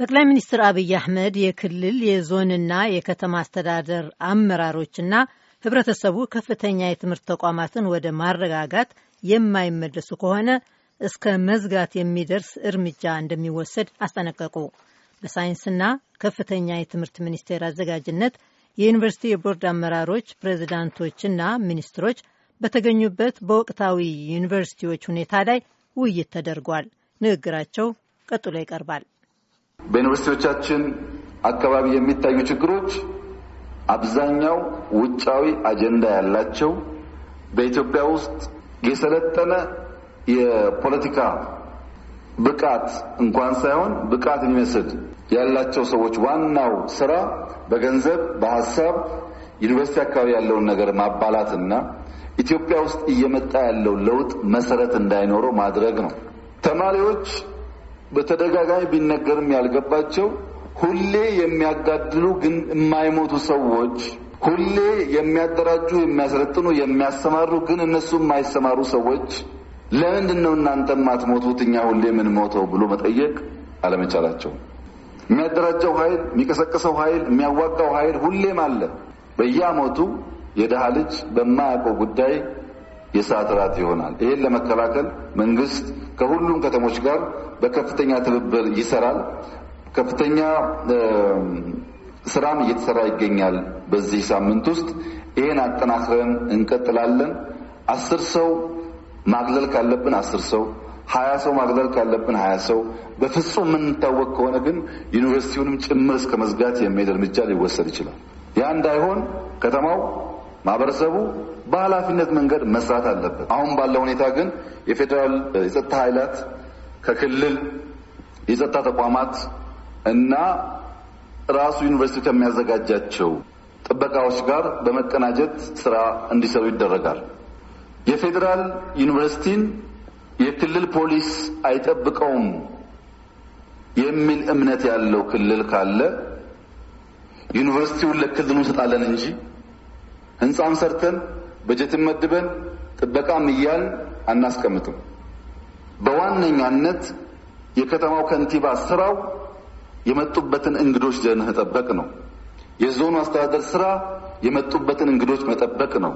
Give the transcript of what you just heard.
ጠቅላይ ሚኒስትር አብይ አህመድ የክልል የዞንና የከተማ አስተዳደር አመራሮችና ህብረተሰቡ ከፍተኛ የትምህርት ተቋማትን ወደ ማረጋጋት የማይመለሱ ከሆነ እስከ መዝጋት የሚደርስ እርምጃ እንደሚወሰድ አስጠነቀቁ። በሳይንስና ከፍተኛ የትምህርት ሚኒስቴር አዘጋጅነት የዩኒቨርሲቲ የቦርድ አመራሮች፣ ፕሬዚዳንቶችና ሚኒስትሮች በተገኙበት በወቅታዊ ዩኒቨርሲቲዎች ሁኔታ ላይ ውይይት ተደርጓል። ንግግራቸው ቀጥሎ ይቀርባል። በዩኒቨርሲቲዎቻችን አካባቢ የሚታዩ ችግሮች አብዛኛው ውጫዊ አጀንዳ ያላቸው በኢትዮጵያ ውስጥ የሰለጠነ የፖለቲካ ብቃት እንኳን ሳይሆን ብቃት የሚመስል ያላቸው ሰዎች ዋናው ስራ በገንዘብ በሀሳብ ዩኒቨርሲቲ አካባቢ ያለውን ነገር ማባላትና ኢትዮጵያ ውስጥ እየመጣ ያለው ለውጥ መሰረት እንዳይኖረው ማድረግ ነው። ተማሪዎች በተደጋጋሚ ቢነገርም ያልገባቸው ሁሌ የሚያጋድሉ ግን የማይሞቱ ሰዎች፣ ሁሌ የሚያደራጁ የሚያሰለጥኑ፣ የሚያሰማሩ ግን እነሱ የማይሰማሩ ሰዎች ለምንድን ነው እናንተ ማትሞቱት እኛ ሁሌ የምንሞተው ብሎ መጠየቅ አለመቻላቸው። የሚያደራጀው ኃይል፣ የሚቀሰቀሰው ኃይል፣ የሚያዋጋው ኃይል ሁሌም አለ። በየአመቱ የድሃ ልጅ በማያውቀው ጉዳይ የሰዓት እራት ይሆናል። ይህን ለመከላከል መንግስት ከሁሉም ከተሞች ጋር በከፍተኛ ትብብር ይሰራል። ከፍተኛ ስራም እየተሰራ ይገኛል። በዚህ ሳምንት ውስጥ ይህን አጠናክረን እንቀጥላለን። አስር ሰው ማግለል ካለብን አስር ሰው ሀያ ሰው ማግለል ካለብን ሀያ ሰው በፍጹም የምንታወቅ ከሆነ ግን ዩኒቨርሲቲውንም ጭምር እስከ መዝጋት የሚሄድ እርምጃ ሊወሰድ ይችላል። ያ እንዳይሆን ከተማው ማህበረሰቡ በኃላፊነት መንገድ መስራት አለበት። አሁን ባለው ሁኔታ ግን የፌዴራል የጸጥታ ኃይላት ከክልል የጸጥታ ተቋማት እና ራሱ ዩኒቨርሲቲ ከሚያዘጋጃቸው ጥበቃዎች ጋር በመቀናጀት ስራ እንዲሰሩ ይደረጋል። የፌዴራል ዩኒቨርሲቲን የክልል ፖሊስ አይጠብቀውም የሚል እምነት ያለው ክልል ካለ ዩኒቨርሲቲውን ለክልሉ እንሰጣለን እንጂ ህንፃም ሰርተን በጀትን መድበን ጥበቃም እያል አናስቀምጥም። በዋነኛነት የከተማው ከንቲባ ስራው የመጡበትን እንግዶች ደህንነት መጠበቅ ነው። የዞኑ አስተዳደር ስራ የመጡበትን እንግዶች መጠበቅ ነው።